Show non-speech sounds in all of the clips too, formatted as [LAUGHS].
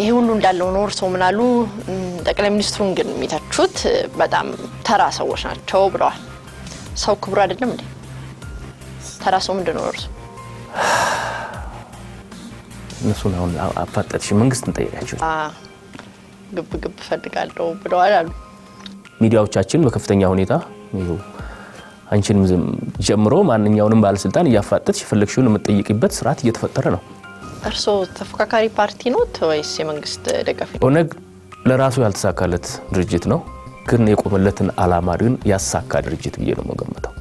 ይሄ ሁሉ እንዳለው ኖር ሰው ምናሉ ጠቅላይ ሚኒስትሩን ግን የሚተቹት በጣም ተራ ሰዎች ናቸው ብለዋል። ሰው ክቡር አይደለም እንዴ? ተራ ሰው ምንድን ነው እርስዎ? እነሱን አሁን አፋጠጥሽ መንግስት እንጠይቃቸው ግብ ግብ ፈልጋለው ብለዋል አሉ። ሚዲያዎቻችን በከፍተኛ ሁኔታ አንቺንም ጀምሮ ማንኛውንም ባለስልጣን እያፋጠጥሽ የፈለግሽውን የምትጠይቅበት ስርዓት እየተፈጠረ ነው። እርስዎ ተፎካካሪ ፓርቲ ኖት ወይስ የመንግስት ደጋፊ? ኦነግ ለራሱ ያልተሳካለት ድርጅት ነው፣ ግን የቆመለትን አላማ ግን ያሳካ ድርጅት ብዬ ነው መገመተው።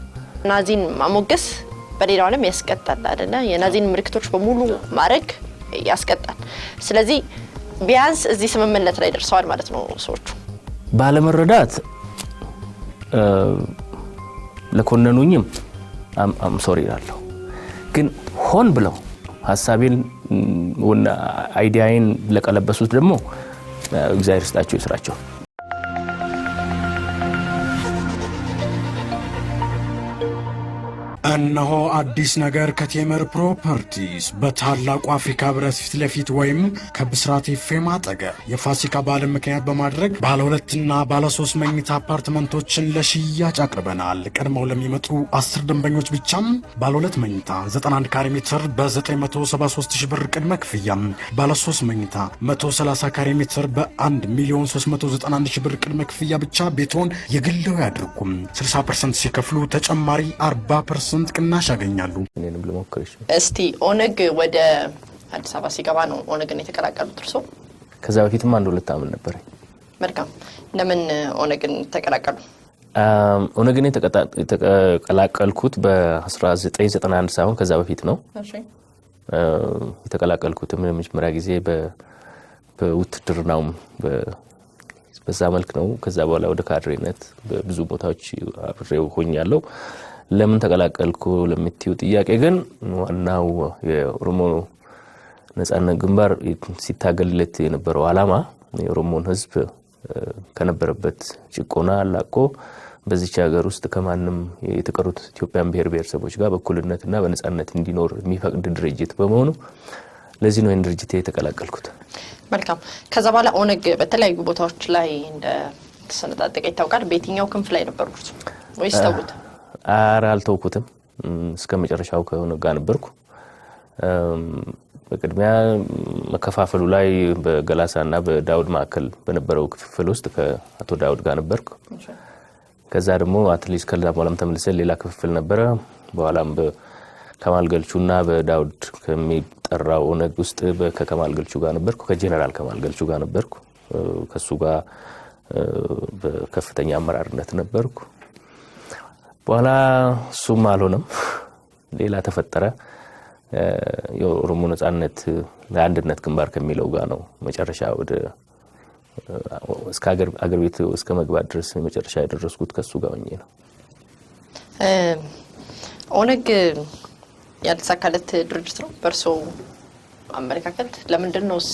ናዚን ማሞገስ በሌላው ዓለም ያስቀጣል አይደለ? የናዚን ምልክቶች በሙሉ ማድረግ ያስቀጣል። ስለዚህ ቢያንስ እዚህ ስምምነት ላይ ደርሰዋል ማለት ነው። ሰዎቹ ባለመረዳት ለኮነኑኝም አም ሶሪ ይላለሁ፣ ግን ሆን ብለው ሀሳቤን አይዲያዬን ለቀለበሱት ደግሞ እግዚአብሔር ስጣቸው ይስራቸው። እነሆ አዲስ ነገር ከቴምር ፕሮፐርቲስ በታላቁ አፍሪካ ብረት ፊት ለፊት ወይም ከብስራት ኤፍኤም አጠገብ የፋሲካ በዓልን ምክንያት በማድረግ ባለ ሁለትና ባለ ሶስት መኝታ አፓርትመንቶችን ለሽያጭ አቅርበናል። ቀድመው ለሚመጡ አስር ደንበኞች ብቻም ባለ ሁለት መኝታ 91 ካሬ ሜትር በ973 ብር ቅድመ ክፍያ፣ ባለ ሶስት መኝታ 130 ካሬ ሜትር በ1 ሚሊዮን 391 ብር ቅድመ ክፍያ ብቻ ቤትዎን የግለው ያድርጉም። 60 ፐርሰንት ሲከፍሉ ተጨማሪ 40 ፐርሰንት ፐርሰንት ቅናሽ ያገኛሉ። እኔንም ልሞክርሽ እስቲ። ኦነግ ወደ አዲስ አበባ ሲገባ ነው ኦነግን የተቀላቀሉት እርሶ? ከዛ በፊትም አንድ ሁለት አመት ነበረኝ። መልካም። ለምን ኦነግን ተቀላቀሉ? ኦነግን የተቀላቀልኩት በ1991 ሳይሆን ከዛ በፊት ነው የተቀላቀልኩትም። የመጀመሪያ ጊዜ በውትድርናውም በዛ መልክ ነው። ከዛ በኋላ ወደ ካድሬነት በብዙ ቦታዎች አብሬው ሆኛለሁ። ለምን ተቀላቀልኩ ለምትዩ ጥያቄ ግን ዋናው የኦሮሞ ነጻነት ግንባር ሲታገልለት የነበረው አላማ የኦሮሞን ህዝብ ከነበረበት ጭቆና አላቆ በዚች ሀገር ውስጥ ከማንም የተቀሩት ኢትዮጵያን ብሔር ብሔረሰቦች ጋር በእኩልነትና በነጻነት እንዲኖር የሚፈቅድ ድርጅት በመሆኑ ለዚህ ነው ይህን ድርጅት የተቀላቀልኩት። መልካም። ከዛ በኋላ ኦነግ በተለያዩ ቦታዎች ላይ እንደ ተሰነጣጠቀ ይታወቃል። በየትኛው ክንፍ ላይ ነበሩ ወይስ ተውት? ኧረ አልተውኩትም። እስከ መጨረሻው ከሆነ ጋር ነበርኩ። በቅድሚያ መከፋፈሉ ላይ በገላሳና በዳውድ መካከል በነበረው ክፍፍል ውስጥ ከአቶ ዳውድ ጋር ነበርኩ። ከዛ ደግሞ አትሊስት ከዛ በኋላም ተመልሰ ሌላ ክፍፍል ነበረ። በኋላም ገልቹ እና በዳውድ ከሚጠራው ኦነግ ውስጥ ከከማል ገልቹ ጋር ነበርኩ። ከጄኔራል ከማል ገልቹ ጋር ነበርኩ። ከሱ ጋር በከፍተኛ አመራርነት ነበርኩ። በኋላ እሱም አልሆነም፣ ሌላ ተፈጠረ። የኦሮሞ ነጻነት ለአንድነት ግንባር ከሚለው ጋር ነው መጨረሻ ወደ እስከ አገር ቤት እስከ መግባት ድረስ መጨረሻ የደረስኩት ከሱ ጋር ሆኜ ነው። ኦነግ ያልተሳካለት ድርጅት ነው በእርሶ አመለካከት? ለምንድን ነውስ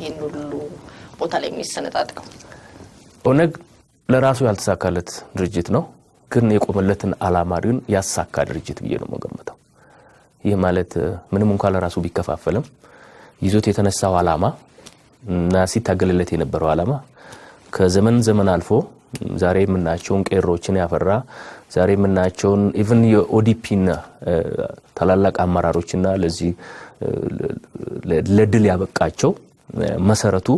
ይህን ሁሉ ቦታ ላይ የሚሰነጣጥቀው? ኦነግ ለራሱ ያልተሳካለት ድርጅት ነው። ግን የቆመለትን አላማ ግን ያሳካ ድርጅት ብዬ ነው መገመተው። ይህ ማለት ምንም እንኳ ለራሱ ቢከፋፈልም ይዞት የተነሳው አላማ እና ሲታገልለት የነበረው አላማ ከዘመን ዘመን አልፎ ዛሬ የምናያቸውን ቄሮችን ያፈራ ዛሬ የምናያቸውን ኢቨን የኦዲፒና ታላላቅ አመራሮችና ለዚህ ለድል ያበቃቸው መሰረቱ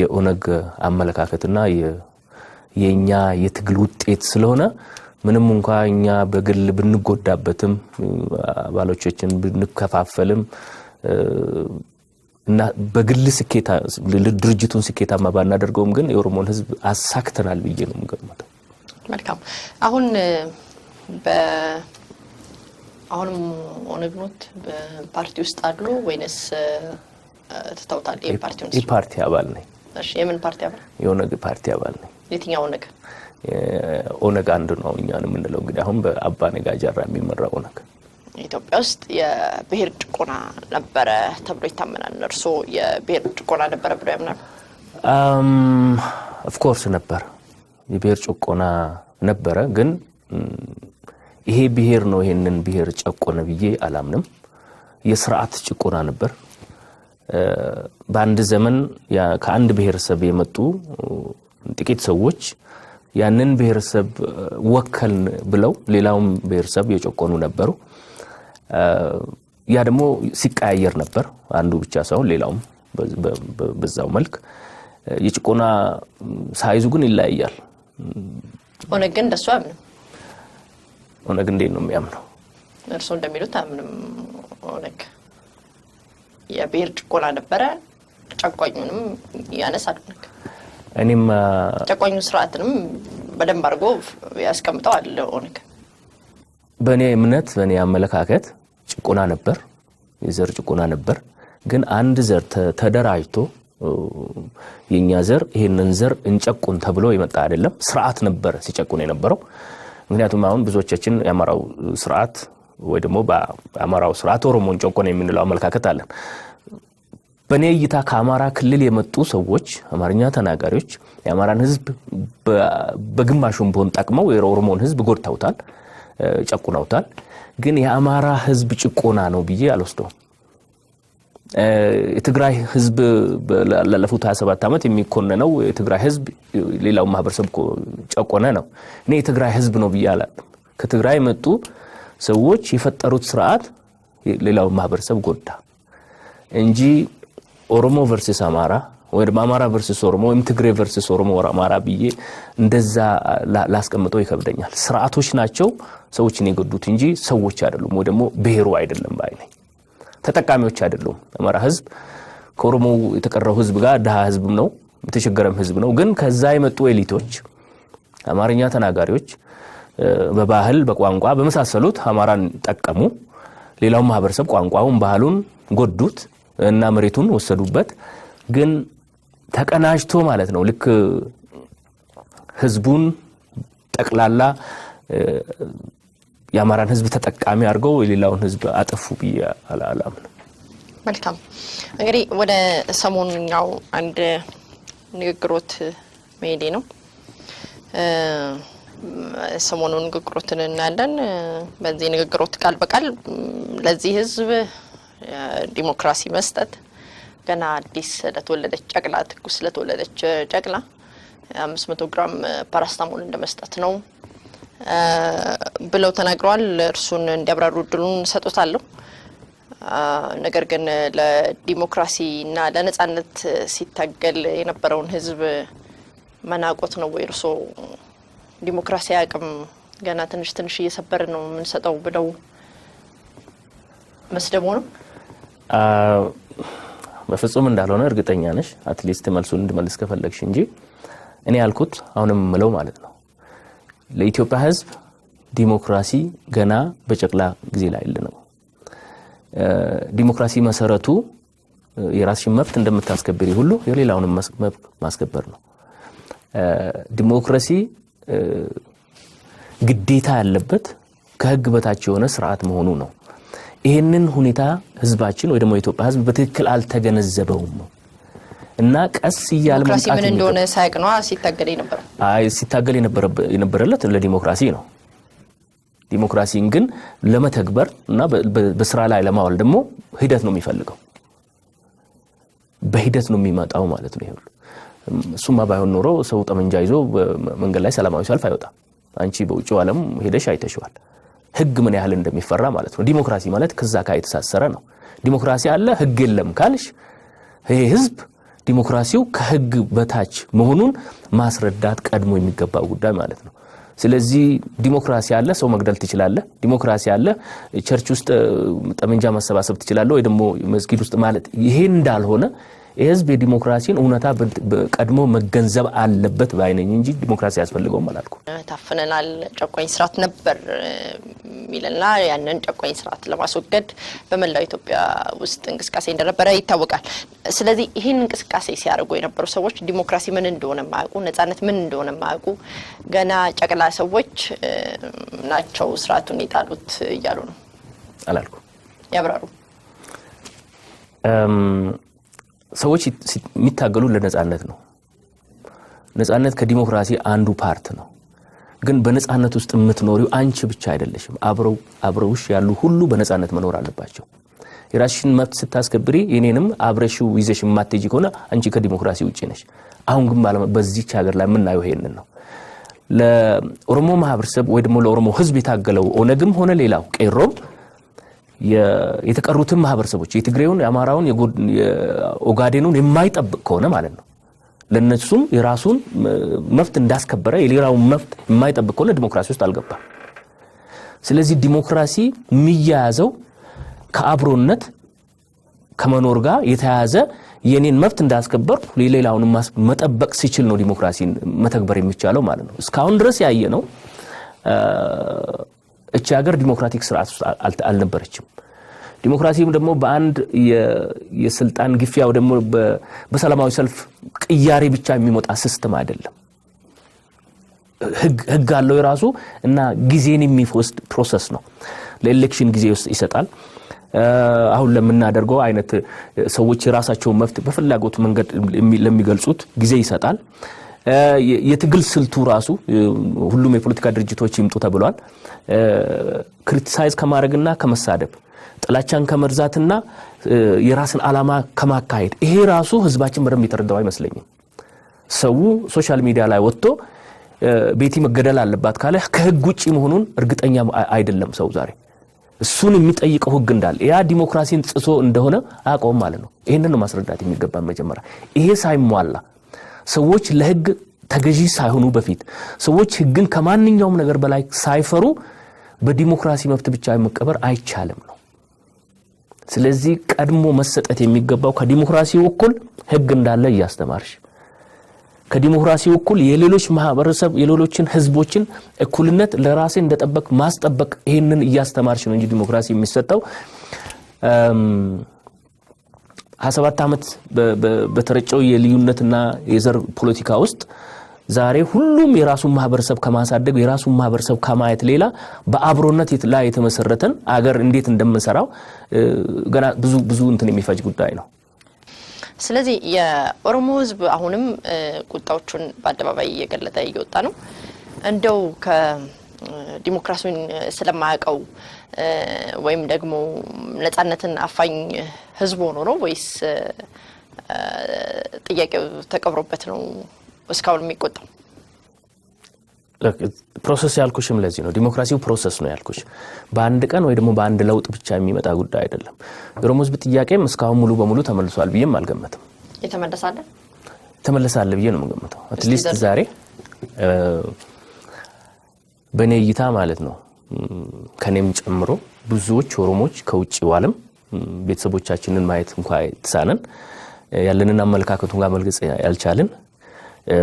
የኦነግ አመለካከትና የእኛ የትግል ውጤት ስለሆነ ምንም እንኳ እኛ በግል ብንጎዳበትም አባሎቻችን ብንከፋፈልም እና በግል ስኬታ ድርጅቱን ስኬታማ ባናደርገውም ግን የኦሮሞን ህዝብ አሳክተናል ብዬ ነው የምገምተው። መልካም አሁን አሁንም ኦነግኖት በፓርቲ ውስጥ አሉ ወይንስ ትተውታል? ፓርቲ አባል ነኝ። የምን ፓርቲ አባል? የኦነግ ፓርቲ አባል ነኝ። የትኛው ኦነግ? ኦነግ አንዱ ነው እኛን የምንለው እንግዲህ አሁን በአባ ነጋ ጀራ የሚመራ ኦነግ። ኢትዮጵያ ውስጥ የብሔር ጭቆና ነበረ ተብሎ ይታመናል። እርስዎ የብሔር ጭቆና ነበረ ብሎ ያምናል? ኦፍኮርስ ነበር፣ የብሔር ጭቆና ነበረ። ግን ይሄ ብሄር ነው ይሄንን ብሄር ጨቆነ ብዬ አላምንም። የስርዓት ጭቆና ነበር። በአንድ ዘመን ከአንድ ብሔረሰብ የመጡ ጥቂት ሰዎች ያንን ብሔረሰብ ወከልን ብለው ሌላውም ብሔረሰብ የጨቆኑ ነበሩ። ያ ደግሞ ሲቀያየር ነበር። አንዱ ብቻ ሳይሆን ሌላውም በዛው መልክ የጭቆና ሳይዙ ግን ይለያያል። ኦነግ ግን እንደሱ አያምንም። ኦነግ እንዴት ነው የሚያምነው? እርስዎ እንደሚሉት አያምንም ኦነግ የብሔር ጭቆና ነበረ። ጨቋኙንም ያነሳል። እኔም ጨቋኙ ስርዓትንም በደንብ አድርጎ አለ ኦነግ በእኔ እምነት በእኔ አመለካከት ጭቆና ነበር፣ የዘር ጭቆና ነበር። ግን አንድ ዘር ተደራጅቶ የእኛ ዘር ይህንን ዘር እንጨቁን ተብሎ የመጣ አይደለም። ስርዓት ነበር ሲጨቁን የነበረው። ምክንያቱም አሁን ብዙዎቻችን የአማራው ስርዓት ወይ ደግሞ በአማራው ስርዓት ኦሮሞን ጨቆነ የምንለው አመለካከት አለን። በእኔ እይታ ከአማራ ክልል የመጡ ሰዎች አማርኛ ተናጋሪዎች የአማራን ህዝብ በግማሹም ቢሆን ጠቅመው የኦሮሞን ህዝብ ጎድተውታል፣ ጨቁነውታል። ግን የአማራ ህዝብ ጭቆና ነው ብዬ አልወስደውም። የትግራይ ህዝብ ላለፉት 27 ዓመት የሚኮነነው የትግራይ ህዝብ ሌላው ማህበረሰብ ጨቆነ ነው። እኔ የትግራይ ህዝብ ነው ብዬ አላለም። ከትግራይ መጡ ሰዎች የፈጠሩት ስርዓት ሌላውን ማህበረሰብ ጎዳ እንጂ ኦሮሞ ቨርሰስ አማራ ወይ ደግሞ አማራ ቨርሰስ ኦሮሞ ወይም ትግሬ ቨርሰስ ኦሮሞ አማራ ብዬ እንደዛ ላስቀምጠው ይከብደኛል። ስርዓቶች ናቸው ሰዎችን የጎዱት እንጂ ሰዎች አይደሉም፣ ወይ ደግሞ ብሔሩ አይደለም። ባይ ተጠቃሚዎች አይደሉም። አማራ ህዝብ ከኦሮሞ የተቀረው ህዝብ ጋር ድሃ ህዝብም ነው የተቸገረም ህዝብ ነው። ግን ከዛ የመጡ ኤሊቶች፣ አማርኛ ተናጋሪዎች በባህል በቋንቋ በመሳሰሉት አማራን ጠቀሙ። ሌላውን ማህበረሰብ ቋንቋውን፣ ባህሉን ጎዱት እና መሬቱን ወሰዱበት። ግን ተቀናጅቶ ማለት ነው ልክ ህዝቡን ጠቅላላ የአማራን ህዝብ ተጠቃሚ አድርገው የሌላውን ህዝብ አጠፉ ብዬ አላም መልካም እንግዲህ ወደ ሰሞኑኛው አንድ ንግግሮት መሄዴ ነው። ሰሞኑን ንግግሮትን እናያለን። በዚህ ንግግሮት ቃል በቃል ለዚህ ህዝብ ዲሞክራሲ መስጠት ገና አዲስ ለተወለደች ጨቅላ ትኩስ ለተወለደች ጨቅላ አምስት መቶ ግራም ፓራስታሞል እንደ መስጠት ነው ብለው ተናግረዋል። እርሱን እንዲያብራሩ እድሉን ሰጦታለሁ። ነገር ግን ለዲሞክራሲና ለነጻነት ሲታገል የነበረውን ህዝብ መናቆት ነው ወይ እርስዎ ዲሞክራሲ አቅም ገና ትንሽ ትንሽ እየሰበር ነው የምንሰጠው ብለው መስደቡ ነው በፍጹም እንዳልሆነ እርግጠኛ ነሽ። አትሊስት መልሱን እንድመልስ ከፈለግሽ እንጂ እኔ ያልኩት አሁንም ምለው ማለት ነው ለኢትዮጵያ ሕዝብ ዲሞክራሲ ገና በጨቅላ ጊዜ ላይ ነው። ዲሞክራሲ መሰረቱ የራስሽን መብት እንደምታስከብሪ ሁሉ የሌላውንም መብት ማስከበር ነው። ዲሞክራሲ ግዴታ ያለበት ከህግ በታች የሆነ ስርዓት መሆኑ ነው። ይህንን ሁኔታ ህዝባችን ወይ ደግሞ የኢትዮጵያ ህዝብ በትክክል አልተገነዘበውም እና ቀስ እያለ ምን እንደሆነ ሳያውቅ ነው ሲታገል ሲታገል የነበረለት ለዲሞክራሲ ነው። ዲሞክራሲን ግን ለመተግበር እና በስራ ላይ ለማዋል ደግሞ ሂደት ነው የሚፈልገው። በሂደት ነው የሚመጣው ማለት ነው ይሁሉ እሱማ ባይሆን ኖሮ ሰው ጠመንጃ ይዞ መንገድ ላይ ሰላማዊ ሰልፍ አይወጣም። አንቺ በውጭው ዓለም ሄደሽ አይተሽዋል፣ ህግ ምን ያህል እንደሚፈራ ማለት ነው። ዲሞክራሲ ማለት ከዛ ጋር የተሳሰረ ነው። ዲሞክራሲ አለ ህግ የለም ካልሽ ይሄ ህዝብ ዲሞክራሲው ከህግ በታች መሆኑን ማስረዳት ቀድሞ የሚገባው ጉዳይ ማለት ነው። ስለዚህ ዲሞክራሲ አለ፣ ሰው መግደል ትችላለህ። ዲሞክራሲ አለ፣ ቸርች ውስጥ ጠመንጃ ማሰባሰብ ትችላለህ፣ ወይ ደግሞ መስጊድ ውስጥ ማለት ይሄን እንዳልሆነ የህዝብ የዲሞክራሲን እውነታ ቀድሞ መገንዘብ አለበት ባይነኝ እንጂ ዲሞክራሲ ያስፈልገውም አላልኩ። ታፍነናል፣ ጨቋኝ ስርዓት ነበር የሚልና ያንን ጨቋኝ ስርዓት ለማስወገድ በመላው ኢትዮጵያ ውስጥ እንቅስቃሴ እንደነበረ ይታወቃል። ስለዚህ ይህን እንቅስቃሴ ሲያደርጉ የነበሩ ሰዎች ዲሞክራሲ ምን እንደሆነ የማያውቁ፣ ነጻነት ምን እንደሆነ የማያውቁ ገና ጨቅላ ሰዎች ናቸው ስርዓቱን የጣሉት እያሉ ነው አላልኩ። ያብራሩ ሰዎች የሚታገሉ ለነጻነት ነው። ነጻነት ከዲሞክራሲ አንዱ ፓርት ነው። ግን በነጻነት ውስጥ የምትኖሪው አንቺ ብቻ አይደለሽም። አብረው አብረውሽ ያሉ ሁሉ በነጻነት መኖር አለባቸው። የራሽን መብት ስታስከብሪ የኔንም አብረሽ ይዘሽ የማትሄጂ ከሆነ አንቺ ከዲሞክራሲ ውጭ ነሽ። አሁን ግን በዚች ሀገር ላይ የምናየው ይሄንን ነው። ለኦሮሞ ማህበረሰብ ወይ ደግሞ ለኦሮሞ ህዝብ የታገለው ኦነግም ሆነ ሌላው ቄሮም የተቀሩትን ማህበረሰቦች የትግሬውን፣ የአማራውን፣ የኦጋዴኑን የማይጠብቅ ከሆነ ማለት ነው ለነሱም የራሱን መብት እንዳስከበረ የሌላውን መብት የማይጠብቅ ከሆነ ዲሞክራሲ ውስጥ አልገባም። ስለዚህ ዲሞክራሲ የሚያያዘው ከአብሮነት ከመኖር ጋር የተያያዘ የኔን መብት እንዳስከበር ሌላውን መጠበቅ ሲችል ነው ዲሞክራሲን መተግበር የሚቻለው ማለት ነው። እስካሁን ድረስ ያየ ነው እቺ ሀገር ዲሞክራቲክ ስርዓት ውስጥ አልነበረችም። ዲሞክራሲም ደግሞ በአንድ የስልጣን ግፊያ ደግሞ በሰላማዊ ሰልፍ ቅያሬ ብቻ የሚመጣ ሲስተም አይደለም። ህግ አለው የራሱ እና ጊዜን የሚወስድ ፕሮሰስ ነው። ለኤሌክሽን ጊዜ ውስጥ ይሰጣል። አሁን ለምናደርገው አይነት ሰዎች የራሳቸውን መፍት በፍላጎት መንገድ ለሚገልጹት ጊዜ ይሰጣል። የትግል ስልቱ ራሱ ሁሉም የፖለቲካ ድርጅቶች ይምጡ ተብሏል። ክሪቲሳይዝ ከማድረግና ከመሳደብ ጥላቻን ከመርዛትና የራስን ዓላማ ከማካሄድ ይሄ ራሱ ህዝባችን በደንብ የተረዳው አይመስለኝም። ሰው ሶሻል ሚዲያ ላይ ወጥቶ ቤቲ መገደል አለባት ካለ ከህግ ውጭ መሆኑን እርግጠኛ አይደለም ሰው ዛሬ። እሱን የሚጠይቀው ህግ እንዳለ ያ ዲሞክራሲን ጥሶ እንደሆነ አያውቀውም ማለት ነው። ይህንን ማስረዳት የሚገባን መጀመሪያ ይሄ ሳይሟላ ሰዎች ለህግ ተገዢ ሳይሆኑ በፊት ሰዎች ህግን ከማንኛውም ነገር በላይ ሳይፈሩ በዲሞክራሲ መብት ብቻ መቀበር አይቻልም ነው። ስለዚህ ቀድሞ መሰጠት የሚገባው ከዲሞክራሲ እኩል ህግ እንዳለ እያስተማርሽ ከዲሞክራሲ እኩል የሌሎች ማህበረሰብ የሌሎችን ህዝቦችን እኩልነት ለራሴ እንደጠበቅ ማስጠበቅ ይህንን እያስተማርሽ ነው እንጂ ዲሞክራሲ የሚሰጠው 27 ዓመት በተረጨው የልዩነትና የዘር ፖለቲካ ውስጥ ዛሬ ሁሉም የራሱን ማህበረሰብ ከማሳደግ የራሱን ማህበረሰብ ከማየት ሌላ በአብሮነት ላይ የተመሰረተን አገር እንዴት እንደምንሰራው ገና ብዙ ብዙ እንትን የሚፈጅ ጉዳይ ነው። ስለዚህ የኦሮሞ ህዝብ አሁንም ቁጣዎቹን በአደባባይ እየገለጠ እየወጣ ነው። እንደው ከዲሞክራሲን ስለማያውቀው ወይም ደግሞ ነጻነትን አፋኝ ህዝብ ሆኖ ነው ወይስ ጥያቄው ተቀብሮበት ነው እስካሁን የሚቆጠው? ፕሮሰስ ያልኩሽም ለዚህ ነው። ዲሞክራሲው ፕሮሰስ ነው ያልኩሽ። በአንድ ቀን ወይ ደግሞ በአንድ ለውጥ ብቻ የሚመጣ ጉዳይ አይደለም። የኦሮሞ ህዝብ ጥያቄም እስካሁን ሙሉ በሙሉ ተመልሷል ብዬም አልገመትም። የተመለሳለ ተመለሳለ ብዬ ነው የምገምተው። አትሊስት ዛሬ በእኔ እይታ ማለት ነው ከኔም ጨምሮ ብዙዎች ኦሮሞች ከውጭው ዓለም ቤተሰቦቻችንን ማየት እንኳ የተሳነን ያለንን አመለካከቱን ጋር መልገጽ ያልቻልን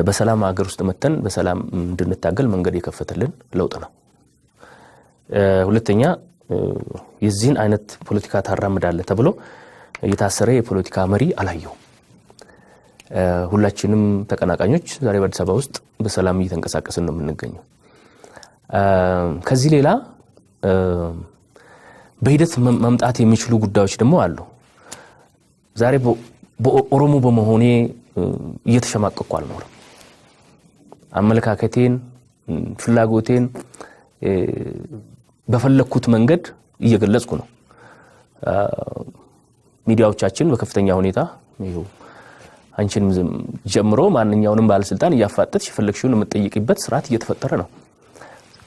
በሰላም ሀገር ውስጥ መተን በሰላም እንድንታገል መንገድ የከፈተልን ለውጥ ነው። ሁለተኛ የዚህን አይነት ፖለቲካ ታራምዳለ ተብሎ የታሰረ የፖለቲካ መሪ አላየው። ሁላችንም ተቀናቃኞች ዛሬ በአዲስ አበባ ውስጥ በሰላም እየተንቀሳቀስን ነው የምንገኘው። ከዚህ ሌላ በሂደት መምጣት የሚችሉ ጉዳዮች ደግሞ አሉ። ዛሬ ኦሮሞ በመሆኔ እየተሸማቀቅኩ አልኖርም። አመለካከቴን፣ ፍላጎቴን በፈለግኩት መንገድ እየገለጽኩ ነው። ሚዲያዎቻችን በከፍተኛ ሁኔታ አንቺንም ጀምሮ ማንኛውንም ባለስልጣን እያፋጠጥሽ የፈለግሽውን የምጠይቅበት ስርዓት እየተፈጠረ ነው።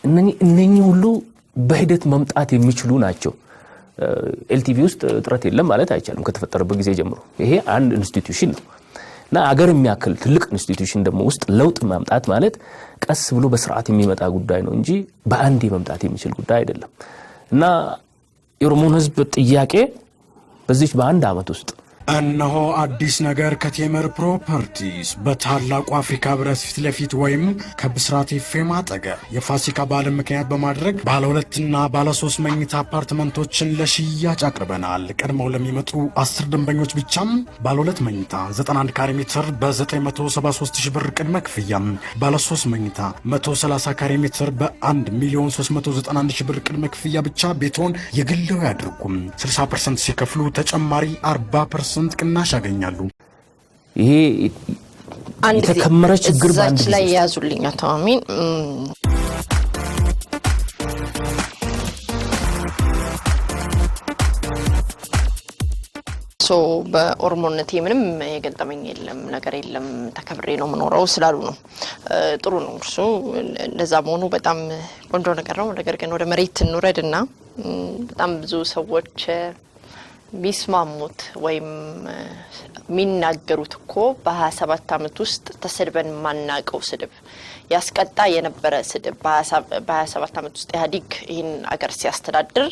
እነኚህ ሁሉ በሂደት መምጣት የሚችሉ ናቸው። ኤልቲቪ ውስጥ እጥረት የለም ማለት አይቻልም። ከተፈጠረበት ጊዜ ጀምሮ ይሄ አንድ ኢንስቲትዩሽን ነው እና አገር የሚያክል ትልቅ ኢንስቲትዩሽን ደግሞ ውስጥ ለውጥ ማምጣት ማለት ቀስ ብሎ በስርዓት የሚመጣ ጉዳይ ነው እንጂ በአንድ መምጣት የሚችል ጉዳይ አይደለም እና የኦሮሞን ህዝብ ጥያቄ በዚች በአንድ ዓመት ውስጥ እነሆ አዲስ ነገር ከቴምር ፕሮፐርቲስ በታላቁ አፍሪካ ብረት ፊት ለፊት ወይም ከብስራት ኤፍኤም አጠገብ የፋሲካ በዓልን ምክንያት በማድረግ ባለ ሁለትና ባለ ሶስት መኝታ አፓርትመንቶችን ለሽያጭ አቅርበናል። ቀድመው ለሚመጡ አስር ደንበኞች ብቻም ባለ ሁለት መኝታ 91 ካሬ ሜትር በ973 ሺህ ብር ቅድመ ክፍያ፣ ባለ ሶስት መኝታ 130 ካሬ ሜትር በ1 ሚሊዮን 391 ሺህ ብር ቅድመ ክፍያ ብቻ ቤትዎን የግለው ያድርጉም። 60 ፐርሰንት ሲከፍሉ ተጨማሪ 40 ፐርሰንት ቅናሽ ያገኛሉ። ይሄ የተከመረ ችግር ባንድ ላይ የያዙልኝ አታሚን ሶ በኦሮሞነቴ ምንም የገጠመኝ የለም፣ ነገር የለም፣ ተከብሬ ነው የምኖረው ስላሉ ነው። ጥሩ ነው እርሱ እንደዛ መሆኑ በጣም ቆንጆ ነገር ነው። ነገር ግን ወደ መሬት እንውረድና በጣም ብዙ ሰዎች ቢስማሙት ወይም የሚናገሩት እኮ በሀያ ሰባት አመት ውስጥ ተሰድበን የማናቀው ስድብ ያስቀጣ የነበረ ስድብ በሀያ ሰባት አመት ውስጥ ኢህአዲግ ይህን አገር ሲያስተዳድር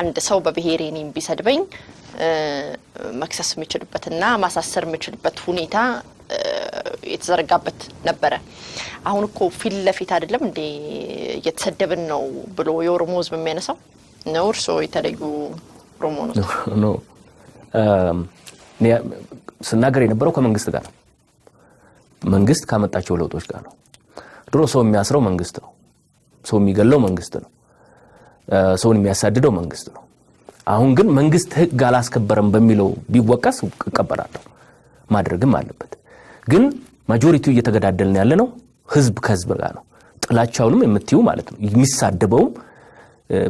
አንድ ሰው በብሄሬ እኔን ቢሰድበኝ መክሰስ የሚችልበትና ማሳሰር የምችልበት ሁኔታ የተዘረጋበት ነበረ። አሁን እኮ ፊት ለፊት አይደለም እንዴ እየተሰደብን ነው ብሎ የኦሮሞ ህዝብ የሚያነሳው ነው። እርስዎ የተለዩ ኦሮሞ ነው ስናገር የነበረው ከመንግስት ጋር ነው። መንግስት ካመጣቸው ለውጦች ጋር ነው። ድሮ ሰው የሚያስረው መንግስት ነው። ሰው የሚገለው መንግስት ነው። ሰውን የሚያሳድደው መንግስት ነው። አሁን ግን መንግስት ህግ አላስከበረም በሚለው ቢወቀስ እቀበላለሁ። ማድረግም አለበት። ግን ማጆሪቲው እየተገዳደልን ያለ ነው ህዝብ ከህዝብ ጋር ነው። ጥላቻውንም የምትዩ ማለት ነው የሚሳደበውም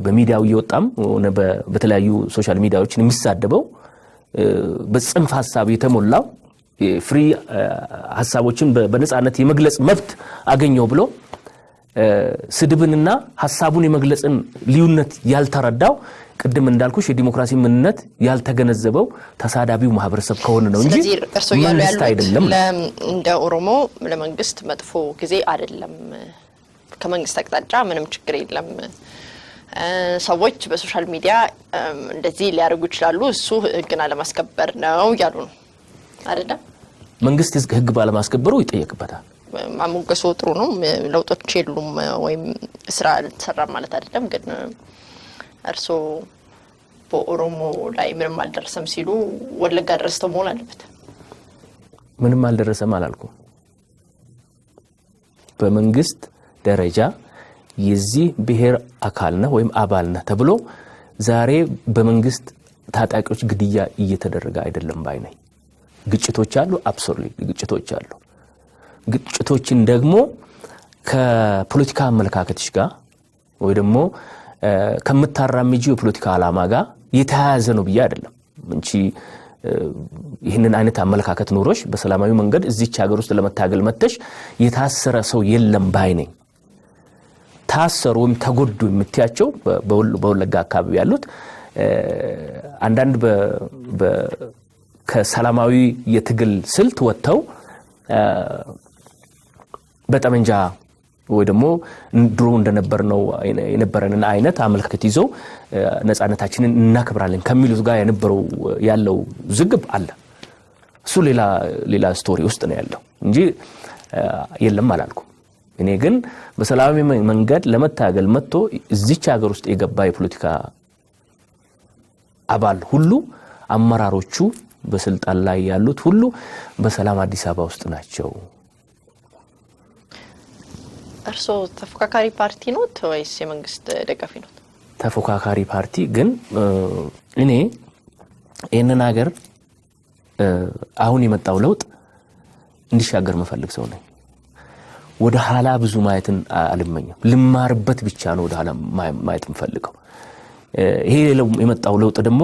በሚዲያው እየወጣም በተለያዩ ሶሻል ሚዲያዎችን የሚሳደበው በጽንፍ ሀሳብ የተሞላው ፍሪ ሀሳቦችን በነፃነት የመግለጽ መብት አገኘው ብሎ ስድብንና ሀሳቡን የመግለጽን ልዩነት ያልተረዳው ቅድም እንዳልኩሽ የዲሞክራሲ ምንነት ያልተገነዘበው ተሳዳቢው ማህበረሰብ ከሆነ ነው እንጂ መንግስት አይደለም። እንደ ኦሮሞ ለመንግስት መጥፎ ጊዜ አይደለም። ከመንግስት አቅጣጫ ምንም ችግር የለም። ሰዎች በሶሻል ሚዲያ እንደዚህ ሊያደርጉ ይችላሉ፣ እሱ ህግን አለማስከበር ነው እያሉ ነው አይደለም። መንግስት ህግ ባለማስከበሩ ይጠየቅበታል። ማሞገሶ ጥሩ ነው። ለውጦች የሉም ወይም ስራ ልትሰራ ማለት አይደለም። ግን እርስ በኦሮሞ ላይ ምንም አልደረሰም ሲሉ ወለጋ ደረስተው መሆን አለበት። ምንም አልደረሰም አላልኩ? በመንግስት ደረጃ የዚህ ብሔር አካል ነህ ወይም አባል ነህ ተብሎ ዛሬ በመንግስት ታጣቂዎች ግድያ እየተደረገ አይደለም ባይ ነኝ። ግጭቶች አሉ፣ አብሶሉት ግጭቶች አሉ። ግጭቶችን ደግሞ ከፖለቲካ አመለካከትሽ ጋር ወይ ደግሞ ከምታራምጂው የፖለቲካ ዓላማ ጋር የተያያዘ ነው ብዬ አይደለም እንቺ ይህንን አይነት አመለካከት ኖሮሽ በሰላማዊ መንገድ እዚች ሀገር ውስጥ ለመታገል መጥተሽ የታሰረ ሰው የለም ባይ ነኝ። ታሰሩ ወይም ተጎዱ የምትያቸው በወለጋ አካባቢ ያሉት አንዳንድ ከሰላማዊ የትግል ስልት ወጥተው በጠመንጃ ወይ ደግሞ ድሮ እንደነበር ነው የነበረንን አይነት አመለካከት ይዘው ነፃነታችንን እናከብራለን ከሚሉት ጋር የነበረው ያለው ዝግብ አለ። እሱ ሌላ ሌላ ስቶሪ ውስጥ ነው ያለው እንጂ የለም አላልኩም። እኔ ግን በሰላማዊ መንገድ ለመታገል መጥቶ እዚች ሀገር ውስጥ የገባ የፖለቲካ አባል ሁሉ አመራሮቹ በስልጣን ላይ ያሉት ሁሉ በሰላም አዲስ አበባ ውስጥ ናቸው። እርስዎ ተፎካካሪ ፓርቲ ኖት ወይስ የመንግስት ደጋፊ ኖት? ተፎካካሪ ፓርቲ ግን እኔ ይህንን ሀገር አሁን የመጣው ለውጥ እንዲሻገር መፈልግ ሰው ነኝ። ወደ ኋላ ብዙ ማየትን አልመኝም። ልማርበት ብቻ ነው ወደ ኋላ ማየት የምፈልገው። ይሄ የመጣው ለውጥ ደግሞ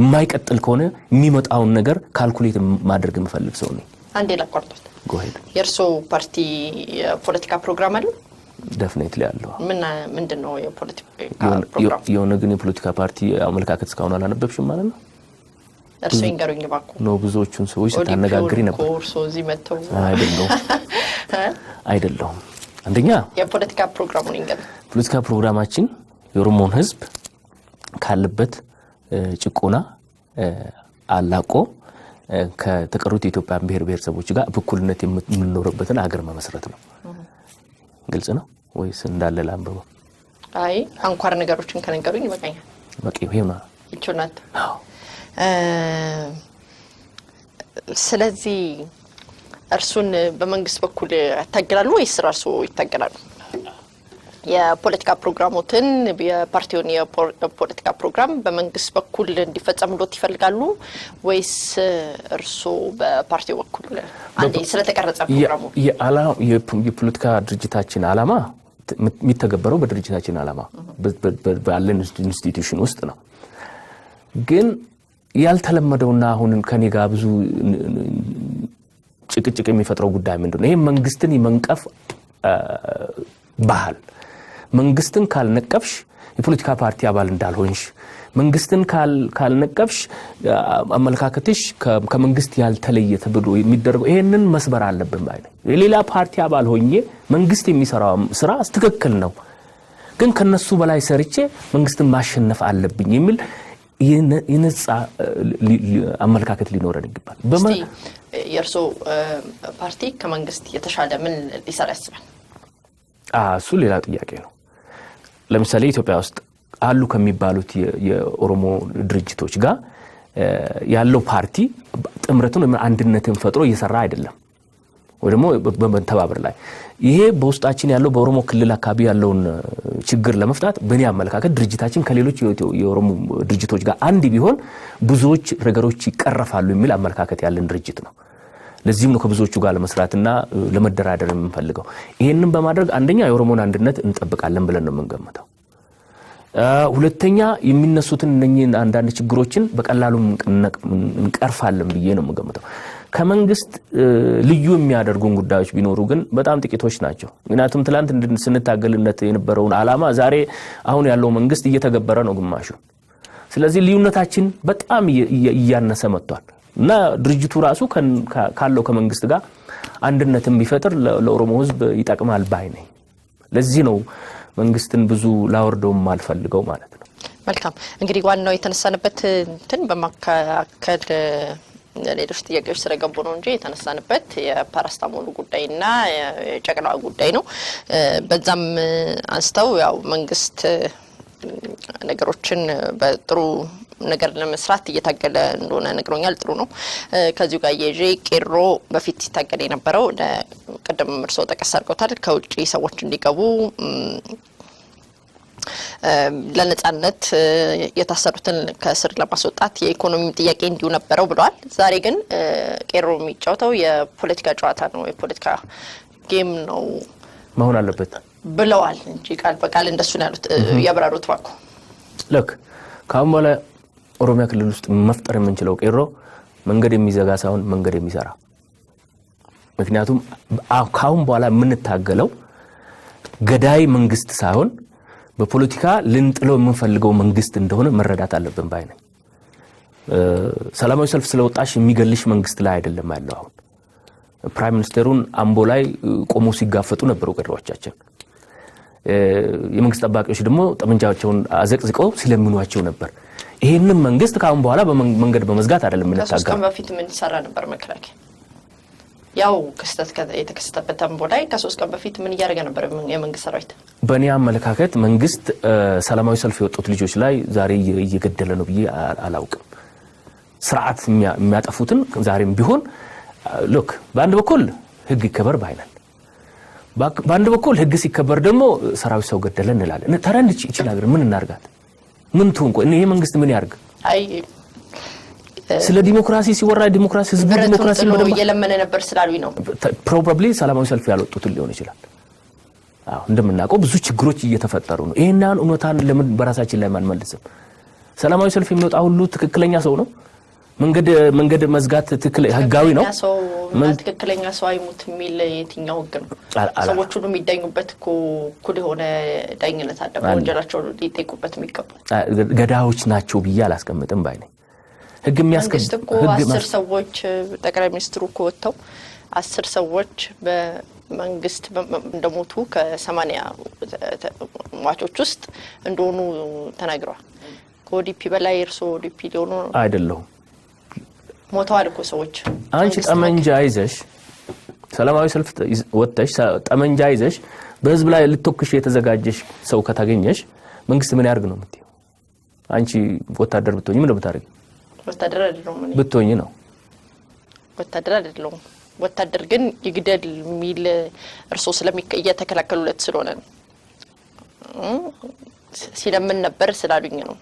የማይቀጥል ከሆነ የሚመጣውን ነገር ካልኩሌት ማድረግ የምፈልግ ሰው ነኝ። አንዴ ላቋርጦት። የእርስዎ ፓርቲ የፖለቲካ ፕሮግራም አለ? ደፍኔትሊ አለ። ምንድን ነው? የፖለቲካ ፕሮግራም የሆነ ግን የፖለቲካ ፓርቲ አመለካከት እስካሁን አላነበብሽም ማለት ነው? እርስዎ ይንገሩኝ እባክዎ። ብዙዎቹን ሰዎች ስታነጋግሪ ነበር። እርስዎ እዚህ መጥተው አይደለሁም [LAUGHS] አይደለሁም። አንደኛ የፖለቲካ ፕሮግራሙን ፖለቲካ ፕሮግራማችን የኦሮሞን ህዝብ ካለበት ጭቆና አላቆ ከተቀሩት የኢትዮጵያ ብሔር ብሔረሰቦች ጋር በእኩልነት የምንኖርበትን ሀገር መመስረት ነው። ግልጽ ነው ወይስ እንዳለ ለአንብበው? አይ አንኳር ነገሮችን ከነገሩኝ ይበቃኛል። በቂ ይሄማ ይችናት። ስለዚህ እርሱን በመንግስት በኩል ያታገላሉ ወይስ ራሱ ይታገላሉ? የፖለቲካ ፕሮግራሞትን የፓርቲውን የፖለቲካ ፕሮግራም በመንግስት በኩል እንዲፈጸምሎት ይፈልጋሉ ወይስ እርሶ በፓርቲው በኩል አንዴ ስለተቀረጸ ፕሮግራሙ የፖለቲካ ድርጅታችን አላማ የሚተገበረው በድርጅታችን አላማ ባለን ኢንስቲትዩሽን ውስጥ ነው። ግን ያልተለመደውና አሁን ከኔ ጋር ብዙ ጭቅጭቅ የሚፈጥረው ጉዳይ ምንድን ነው? ይህ መንግስትን የመንቀፍ ባህል መንግስትን ካልነቀፍሽ የፖለቲካ ፓርቲ አባል እንዳልሆንሽ፣ መንግስትን ካልነቀፍሽ አመለካከትሽ ከመንግስት ያልተለየ ተብሎ የሚደረገው ይሄንን መስበር አለብን ባይ የሌላ ፓርቲ አባል ሆኜ መንግስት የሚሰራው ስራ ትክክል ነው፣ ግን ከነሱ በላይ ሰርቼ መንግስትን ማሸነፍ አለብኝ የሚል የነጻ አመለካከት ሊኖረን ይገባል። የእርሶ ፓርቲ ከመንግስት የተሻለ ምን ሊሰራ ያስባል? እሱ ሌላ ጥያቄ ነው። ለምሳሌ ኢትዮጵያ ውስጥ አሉ ከሚባሉት የኦሮሞ ድርጅቶች ጋር ያለው ፓርቲ ጥምረትን ወይም አንድነትን ፈጥሮ እየሰራ አይደለም። ወይ ደግሞ በመንተባበር ላይ ይሄ በውስጣችን ያለው በኦሮሞ ክልል አካባቢ ያለውን ችግር ለመፍታት በእኔ አመለካከት ድርጅታችን ከሌሎች የኦሮሞ ድርጅቶች ጋር አንድ ቢሆን ብዙዎች ነገሮች ይቀረፋሉ የሚል አመለካከት ያለን ድርጅት ነው። ለዚህም ነው ከብዙዎቹ ጋር ለመስራትና ለመደራደር የምንፈልገው። ይህንም በማድረግ አንደኛ የኦሮሞን አንድነት እንጠብቃለን ብለን ነው የምንገምተው። ሁለተኛ የሚነሱትን እነኝህን አንዳንድ ችግሮችን በቀላሉ እንቀርፋለን ብዬ ነው የምንገምተው። ከመንግስት ልዩ የሚያደርጉን ጉዳዮች ቢኖሩ ግን በጣም ጥቂቶች ናቸው። ምክንያቱም ትላንት ስንታገልነት የነበረውን አላማ ዛሬ አሁን ያለው መንግስት እየተገበረ ነው ግማሹ። ስለዚህ ልዩነታችን በጣም እያነሰ መጥቷል እና ድርጅቱ ራሱ ካለው ከመንግስት ጋር አንድነትን ቢፈጥር ለኦሮሞ ህዝብ ይጠቅማል ባይ ነኝ። ለዚህ ነው መንግስትን ብዙ ላወርደውም አልፈልገው ማለት ነው። መልካም እንግዲህ ዋናው የተነሳንበት እንትን በማካከል ሌሎች ጥያቄዎች ስለገቡ ነው እንጂ የተነሳንበት የፓራስታሞሉ ጉዳይና የጨቅላዋ ጉዳይ ነው። በዛም አንስተው ያው መንግስት ነገሮችን በጥሩ ነገር ለመስራት እየታገለ እንደሆነ ነግሮኛል። ጥሩ ነው። ከዚሁ ጋር የዤ ቄሮ በፊት ሲታገል የነበረው ቅድም ምርሶ ጠቀስ አድርገውታል። ከውጭ ሰዎች እንዲገቡ ለነጻነት የታሰሩትን ከስር ለማስወጣት የኢኮኖሚም ጥያቄ እንዲሁ ነበረው ብለዋል። ዛሬ ግን ቄሮ የሚጫወተው የፖለቲካ ጨዋታ ነው፣ የፖለቲካ ጌም ነው መሆን አለበት ብለዋል እንጂ ቃል በቃል እንደሱ ነው ያሉት። ያብራሩት ባኩ ልክ ከአሁን በኋላ ኦሮሚያ ክልል ውስጥ መፍጠር የምንችለው ቄሮ መንገድ የሚዘጋ ሳይሆን መንገድ የሚሰራ ምክንያቱም ከአሁን በኋላ የምንታገለው ገዳይ መንግስት ሳይሆን በፖለቲካ ልንጥለው የምንፈልገው መንግስት እንደሆነ መረዳት አለብን ባይ ነኝ። ሰላማዊ ሰልፍ ስለወጣሽ የሚገልሽ መንግስት ላይ አይደለም ያለው። አሁን ፕራይም ሚኒስቴሩን አምቦ ላይ ቆሞ ሲጋፈጡ ነበሩ ገድሏቻችን። የመንግስት ጠባቂዎች ደግሞ ጠመንጃቸውን አዘቅዝቀው ሲለምኗቸው ነበር። ይሄንን መንግስት ከአሁን በኋላ መንገድ በመዝጋት አይደለም የምንታገለው። በፊት የምንሰራ ነበር መከላከያ ያው ክስተት የተከሰተበት ተንቦ ላይ ከሶስት ቀን በፊት ምን እያደረገ ነበር የመንግስት ሰራዊት? በእኔ አመለካከት መንግስት ሰላማዊ ሰልፍ የወጡት ልጆች ላይ ዛሬ እየገደለ ነው ብዬ አላውቅም። ስርዓት የሚያጠፉትን ዛሬም ቢሆን ሎክ በአንድ በኩል ህግ ይከበር ባይነን፣ በአንድ በኩል ህግ ሲከበር ደግሞ ሰራዊት ሰው ገደለ እንላለን። ተረንድ ይችላል ምን እናርጋት? ምን ትሁን? ይሄ መንግስት ምን ያርግ? ስለ ዲሞክራሲ ሲወራ ዲሞክራሲ ህዝቡ ዲሞክራሲ እየለመነ ነበር ስላሉኝ ነው። ፕሮባብሊ ሰላማዊ ሰልፍ ያልወጡትን ሊሆን ይችላል። እንደምናውቀው ብዙ ችግሮች እየተፈጠሩ ነው። ይህን እውነታን ለምን በራሳችን ላይ ማንመልስም? ሰላማዊ ሰልፍ የሚወጣ ሁሉ ትክክለኛ ሰው ነው። መንገድ መንገድ መዝጋት ህጋዊ ነው። ትክክለኛ ሰው አይሙት የሚል የትኛው ህግ ነው? ሰዎች ሁሉ የሚዳኙበት እኮ እኩል የሆነ ዳኝነት አለ። ወንጀላቸው ሊጠይቁበት የሚገባል። ገዳዮች ናቸው ብዬ አላስቀምጥም ባይ ነኝ። ህግ የሚያስቀምጥ አስር ሰዎች ጠቅላይ ሚኒስትሩ እኮ ወጥተው አስር ሰዎች በመንግስት እንደሞቱ ከሰማኒያ ሟቾች ውስጥ እንደሆኑ ተናግረዋል። ከኦዲፒ በላይ እርስዎ ኦዲፒ ሊሆኑ አይደለሁም። ሞተዋል እኮ ሰዎች። አንቺ ጠመንጃ ይዘሽ ሰላማዊ ሰልፍ ወጥተሽ ጠመንጃ ይዘሽ በህዝብ ላይ ልትተኩሽ የተዘጋጀሽ ሰው ከታገኘሽ መንግስት ምን ያደርግ ነው የምትይው? አንቺ ወታደር ብትሆኝ ምን ነው ወታደር አይደለሁም። ብትሆኝ ነው ወታደር አይደለሁም። ወታደር ግን ይግደል የሚል እርሶ ስለሚእየተከላከሉለት ስለሆነ ሲለምን ነበር ስላሉኝ ነው።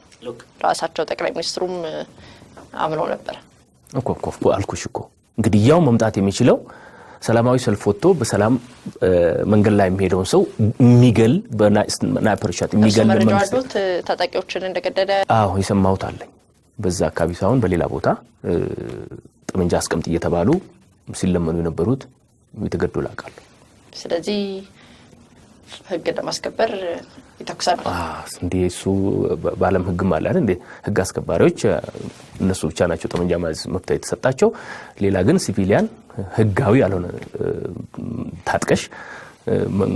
ራሳቸው ጠቅላይ ሚኒስትሩም አምነው ነበር እኮ እኮ አልኩሽ እኮ እንግዲህ ያው መምጣት የሚችለው ሰላማዊ ሰልፍ ወጥቶ በሰላም መንገድ ላይ የሚሄደውን ሰው የሚገል በናይፐር የሚገል መንግስት ተጠቂዎችን እንደገደለ አዎ የሰማሁት አለኝ። በዛ አካባቢ ሳይሆን በሌላ ቦታ ጠመንጃ አስቀምጥ እየተባሉ ሲለመኑ የነበሩት የተገዱ ላቃሉ። ስለዚህ ህግ ለማስከበር ይተኩሳል። እንዴ እሱ በአለም ህግም አለ አይደል? እንዴ ህግ አስከባሪዎች እነሱ ብቻ ናቸው ጠመንጃ መያዝ መብት የተሰጣቸው። ሌላ ግን ሲቪሊያን ህጋዊ ያልሆነ ታጥቀሽ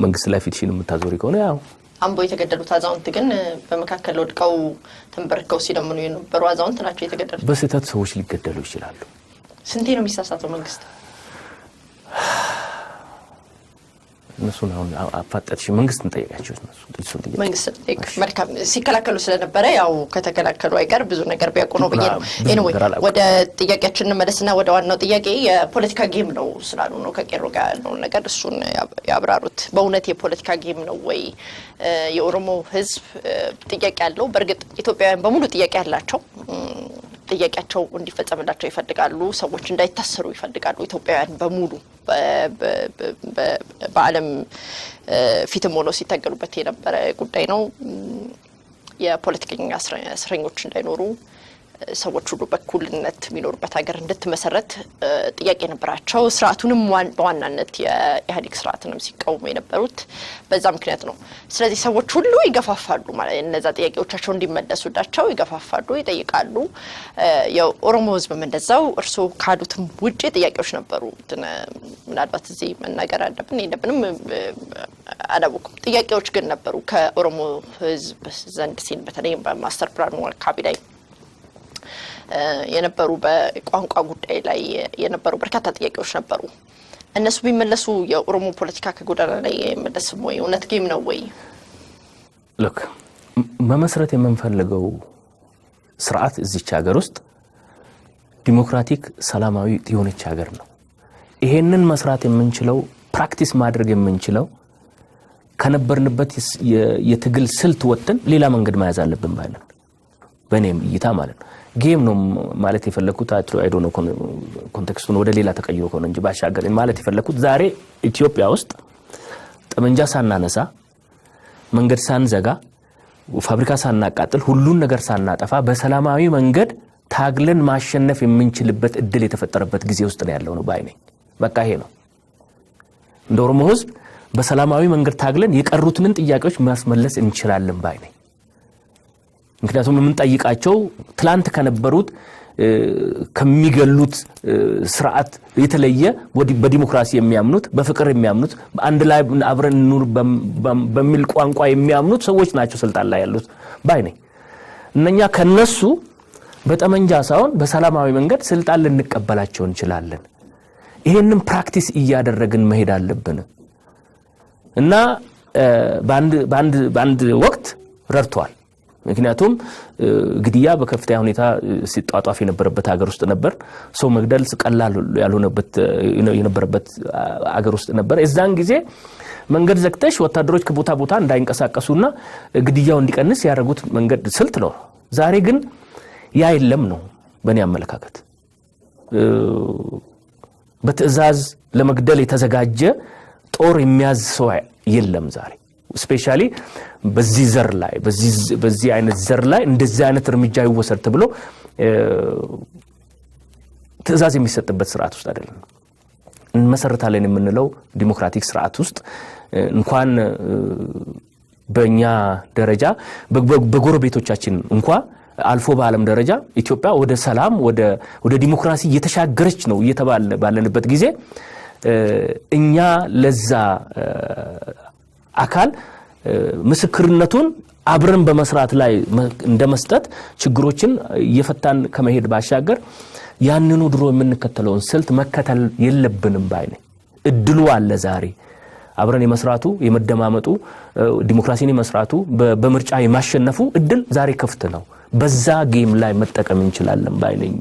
መንግስት ላይ ፊትሽን የምታዞሪ ከሆነ ያው አምቦ የተገደሉት አዛውንት ግን በመካከል ወድቀው ተንበርከው ሲለምኑ የነበሩ አዛውንት ናቸው የተገደሉት። በስህተት ሰዎች ሊገደሉ ይችላሉ። ስንቴ ነው የሚሳሳተው መንግስት? እነሱን አሁን አፋጠጥሽ መንግስትን ጠይቃቸው መንግስት ጠይቅ መልካም ሲከላከሉ ስለነበረ ያው ከተከላከሉ አይቀር ብዙ ነገር ቢያውቁ ነው ብዬ ነው። ኤኒዌይ ወደ ጥያቄያችን እንመለስና ወደ ዋናው ጥያቄ የፖለቲካ ጌም ነው ስላሉ ነው ከቄሮ ጋር ያለውን ነገር እሱን ያብራሩት። በእውነት የፖለቲካ ጌም ነው ወይ? የኦሮሞ ህዝብ ጥያቄ ያለው በእርግጥ ኢትዮጵያውያን በሙሉ ጥያቄ ያላቸው ጥያቄያቸው እንዲፈጸምላቸው ይፈልጋሉ። ሰዎች እንዳይታሰሩ ይፈልጋሉ። ኢትዮጵያውያን በሙሉ በዓለም ፊትም ሆኖ ሲታገሉበት የነበረ ጉዳይ ነው። የፖለቲከኛ እስረኞች እንዳይኖሩ ሰዎች ሁሉ በኩልነት የሚኖሩበት ሀገር እንድትመሰረት ጥያቄ ነበራቸው። ስርዓቱንም በዋናነት የኢህአዴግ ስርዓትንም ሲቃወሙ የነበሩት በዛ ምክንያት ነው። ስለዚህ ሰዎች ሁሉ ይገፋፋሉ ማለት እነዛ ጥያቄዎቻቸው እንዲመለሱላቸው ይገፋፋሉ፣ ይጠይቃሉ። የኦሮሞ ህዝብም እንደዛው እርስዎ ካሉትም ውጭ ጥያቄዎች ነበሩ። ምናልባት እዚህ መናገር አለብን የለብንም አላወቁም። ጥያቄዎች ግን ነበሩ ከኦሮሞ ህዝብ ዘንድ ሲል በተለይ በማስተር ፕላኑ አካባቢ ላይ የነበሩ በቋንቋ ጉዳይ ላይ የነበሩ በርካታ ጥያቄዎች ነበሩ። እነሱ ቢመለሱ የኦሮሞ ፖለቲካ ከጎዳና ላይ አይመለስም ወይ? እውነት ጌም ነው ወይ? ልክ መመስረት የምንፈልገው ስርዓት እዚች ሀገር ውስጥ ዲሞክራቲክ ሰላማዊ የሆነች ሀገር ነው። ይሄንን መስራት የምንችለው ፕራክቲስ ማድረግ የምንችለው ከነበርንበት የትግል ስልት ወጥተን ሌላ መንገድ መያዝ አለብን ባለን በእኔም እይታ ማለት ነው። ጌም ነው ማለት የፈለግኩት አይዶ ነው ኮንቴክስቱን ወደ ሌላ ተቀይሮ ከሆነ እንጂ ባሻገር ማለት የፈለግኩት ዛሬ ኢትዮጵያ ውስጥ ጠመንጃ ሳናነሳ መንገድ ሳንዘጋ ፋብሪካ ሳናቃጥል ሁሉን ነገር ሳናጠፋ በሰላማዊ መንገድ ታግለን ማሸነፍ የምንችልበት እድል የተፈጠረበት ጊዜ ውስጥ ነው ያለው ነው ባይ ነኝ። በቃ ይሄ ነው እንደ ኦሮሞ ህዝብ በሰላማዊ መንገድ ታግለን የቀሩትንን ጥያቄዎች ማስመለስ እንችላለን ባይ ነኝ። ምክንያቱም የምንጠይቃቸው ትላንት ከነበሩት ከሚገሉት ስርዓት የተለየ በዲሞክራሲ የሚያምኑት በፍቅር የሚያምኑት አንድ ላይ አብረን እንኑር በሚል ቋንቋ የሚያምኑት ሰዎች ናቸው ስልጣን ላይ ያሉት ባይ ነኝ። እነኛ ከነሱ በጠመንጃ ሳይሆን በሰላማዊ መንገድ ስልጣን ልንቀበላቸው እንችላለን። ይሄንን ፕራክቲስ እያደረግን መሄድ አለብን እና በአንድ ወቅት ረድተዋል። ምክንያቱም ግድያ በከፍተኛ ሁኔታ ሲጧጧፍ የነበረበት ሀገር ውስጥ ነበር። ሰው መግደል ቀላል ያልሆነበት የነበረበት አገር ውስጥ ነበር። የዛን ጊዜ መንገድ ዘግተሽ ወታደሮች ከቦታ ቦታ እንዳይንቀሳቀሱና ግድያው እንዲቀንስ ያደረጉት መንገድ ስልት ነው። ዛሬ ግን ያ የለም ነው በእኔ አመለካከት። በትዕዛዝ ለመግደል የተዘጋጀ ጦር የሚያዝ ሰው የለም ዛሬ። ስፔሻሊ በዚህ ዘር ላይ በዚህ አይነት ዘር ላይ እንደዚህ አይነት እርምጃ ይወሰድ ተብሎ ትዕዛዝ የሚሰጥበት ስርዓት ውስጥ አይደለም። እንመሰርታለን የምንለው ዲሞክራቲክ ስርዓት ውስጥ እንኳን በእኛ ደረጃ በጎረቤቶቻችን እንኳ አልፎ በዓለም ደረጃ ኢትዮጵያ ወደ ሰላም ወደ ዲሞክራሲ እየተሻገረች ነው እየተባለ ባለንበት ጊዜ እኛ ለዛ አካል ምስክርነቱን አብረን በመስራት ላይ እንደ መስጠት ችግሮችን እየፈታን ከመሄድ ባሻገር ያንኑ ድሮ የምንከተለውን ስልት መከተል የለብንም ባይ ነኝ። እድሉ አለ ዛሬ አብረን የመስራቱ የመደማመጡ ዲሞክራሲን የመስራቱ በምርጫ የማሸነፉ እድል ዛሬ ክፍት ነው። በዛ ጌም ላይ መጠቀም እንችላለን ባይ ነኝ።